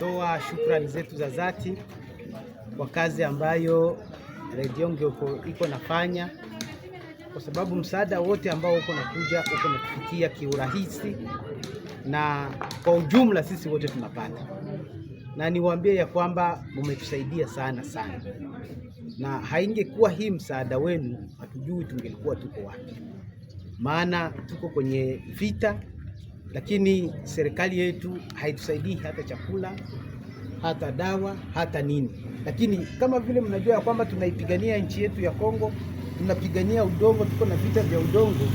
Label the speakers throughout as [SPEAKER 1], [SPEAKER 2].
[SPEAKER 1] Tunatoa shukrani zetu za dhati kwa kazi ambayo Radio Ngyoko iko nafanya, kwa sababu msaada wote ambao uko nakuja uko nakufikia kiurahisi na kwa ujumla sisi wote tunapata, na niwaambie ya kwamba mmetusaidia sana sana, na haingekuwa hii msaada wenu hatujui tungelikuwa tuko wapi, maana tuko kwenye vita lakini serikali yetu haitusaidii hata chakula, hata dawa, hata nini. Lakini kama vile mnajua ya kwamba tunaipigania nchi yetu ya Kongo, tunapigania udongo, tuko na vita vya udongo,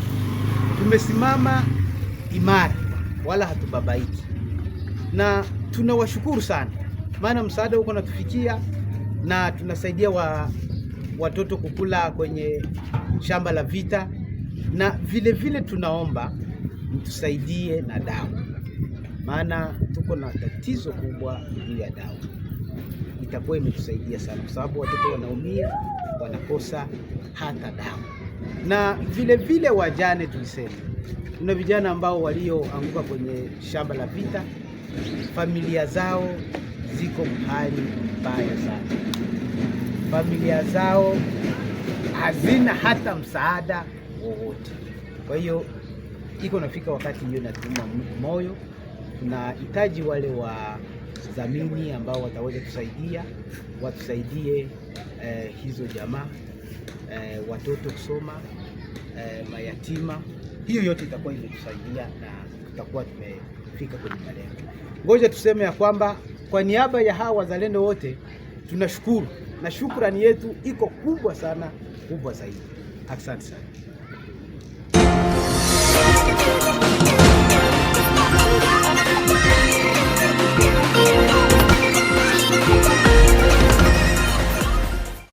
[SPEAKER 1] tumesimama imara, wala hatubabaiki, na tunawashukuru sana, maana msaada huko natufikia na tunasaidia wa, watoto kukula kwenye shamba la vita, na vile vile tunaomba mtusaidie na dawa, maana tuko na tatizo kubwa juu ya dawa. Itakuwa imetusaidia sana, kwa sababu watoto wanaumia, wanakosa hata dawa. Na vile vile wajane, tulisema kuna vijana ambao walioanguka kwenye shamba la vita, familia zao ziko mahali mbaya sana, familia zao hazina hata msaada wowote, kwa hiyo iko nafika wakati hiyo natuma moyo. Tunahitaji wale wadhamini ambao wataweza kusaidia watusaidie eh, hizo jamaa eh, watoto kusoma eh, mayatima. Hiyo yote itakuwa imetusaidia na tutakuwa tumefika kwenye malengo. Ngoja tuseme ya kwamba kwa niaba ya hawa wazalendo wote tunashukuru, na shukrani yetu iko kubwa sana, kubwa zaidi. Asante sana.